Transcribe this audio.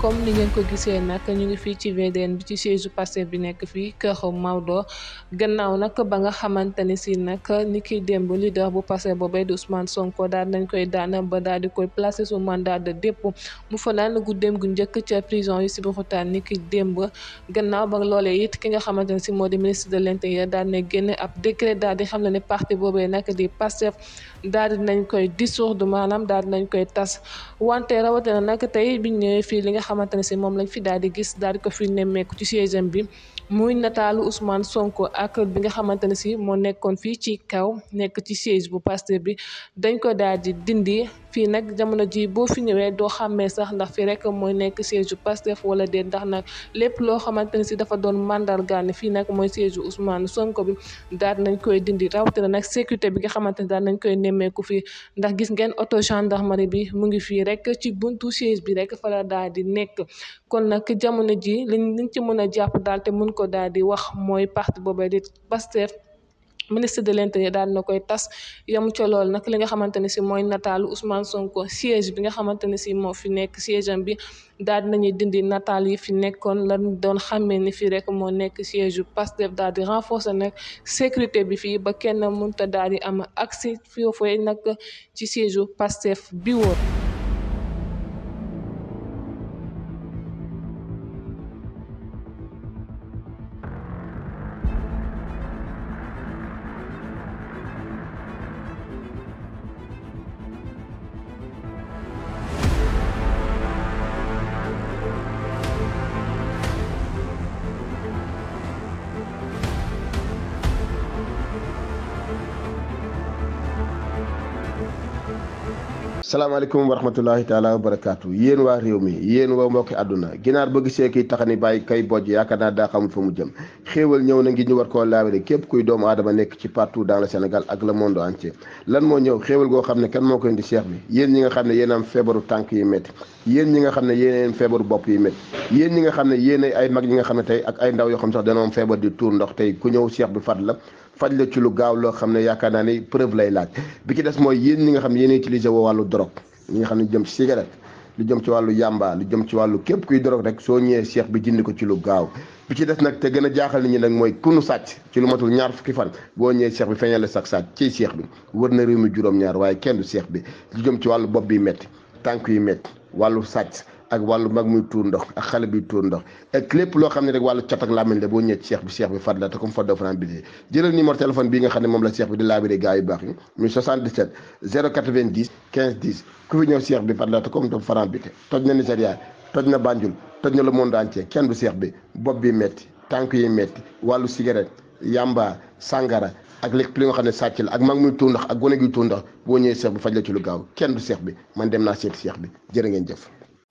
comme ni ngeen ko gisee nag ñu ngi fii ci VDN bi ci siège Pastef bi nekk fii kër Maodo gannaaw nag ba nga xamante ni si nag ni ki démb leader bu Pastef boobee di Ousmane Sonko daal nañ koy daan ba daal di koy placer sous mandat de dépôt mu fanaan guddeem gu njëkk ca prison yu Sébikotane ni ki démb gannaaw ba loolee it ki nga xamante ni si moo di ministre de l'intérieur daal ne génne ab décret daal di xam ne parti boobee nag di Pastef daal nañ koy dissoudre maanaam daal di nañ koy tas wante rawatina nag tey biñ ñëwee fii li nga xamante ne si moom lañ fi daal di gis daal di ko fi nemmeeku ci siège bi muy nataalu Ousmane Sonko ak bi nga xamante ne si moo nekkoon fii ci kaw nekk ci siège bu Pastef bi dañ ko daal di dindi fii nag jamono ji boo fi ñëwee doo xàmmee sax ndax fi rek mooy nekk siège bu Pastef wala déet ndax nag lépp loo xamante ne si dafa doon mandargaal fii nag mooy siège bu Sonko bi daal nañ koy dindi rawatina nag sécurité bi nga xamante ne daal nañ koy nemmeeku fii ndax gis ngeen auto mari bi mu ngi fii rek ci buntu siège bi rek fa la daal di nekk kon nag jamono ji liñ liñ ci mën a jàpp daal te mun ko daal di wax mooy parti boobu di Pastef ministre de l'intérieur daal na koy tas yam ca lool nag li nga xamante ne si mooy nataalu Ousmane Sonko siège bi nga xamante ne si moo fi nekk siège am bi daal nañuy dindi nataal yi fi nekkoon lan doon xàmmee ni fii rek moo nekk siège yu Pastef daal di renforcer nag sécurité bi fii ba kenn mënta daal di am accès foofee nag ci siège yu Pastef salaamaaleykum wa rahmatullahi taala wa barakaatu yéen waa réew mi yéen waa mbokki àdduna ginaar ba gisee kiy ni bàyyi kay bojj yaaka naa daa xamul fa mu jëm xéewal ñëw na ngi ñu war koo laabire képp kuy doomu aadama nekk ci partout dans le ak le monde entier lan moo ñëw xéewal goo xam ne kan moo koy indi seex bi yéen ñi nga xam ne yéen am feebaru tànk yi métti yéen ñi nga xam ne yéen feebaru bopp yi métti yéen ñi nga xam ne yéen ay mag ñi nga xam ne tey ak ay ndaw yoo xam sax dañoo feebar di tuur ndox tey ku ñëw seex bi fat la faj la ci lu gaaw loo xam ne yaakaar naa ne preuve lay laaj bi ci des mooy yéen ñi nga xam ne yéen utiliser woo wàllu drogue ñi nga xam ne jëm ci cigarette lu jëm ci wàllu yàmba lu jëm ci wàllu képp kuy drogue rek soo ñëwee seex bi jënd ko ci lu gaaw bi ci des nag te gën a jaaxal nit ñi nag mooy ku nu sàcc ci lu matul ñaar fukki fan boo ñëwee seex bi feeñal la sax sàcc ci seex bi wër na réew mi juróom-ñaar waaye kenn du seex bi lu jëm ci wàllu bopp bi metti tànk yi métti wàllu sàcc ak wàllu mag muy tuur ndox ak xale bi tuur ndox ak lépp loo xam ne rek wàllu cat ak làmmiñ la boo ñëwee ci seex bi seex bi fadla te comme fadda fanaan bidee jëlal numéro téléphone ne moom la seex bi di laabiré gars yu baax yi muy 77 090 15 10 ku fi ñëw seex bi fadla te comme daf fanaan bi toj na Nigéria kenn du seex bi bopp bi metti tànk yi metti wàllu cigarette yamba sàngara ak lépp li nga xam ne sàcc la ak mag muy tuur ndox ak gone gi tuur boo ñëwee seex bi faj la ci lu gaaw kenn du seex bi man dem naa seeti seex bi jërë ngeen jëf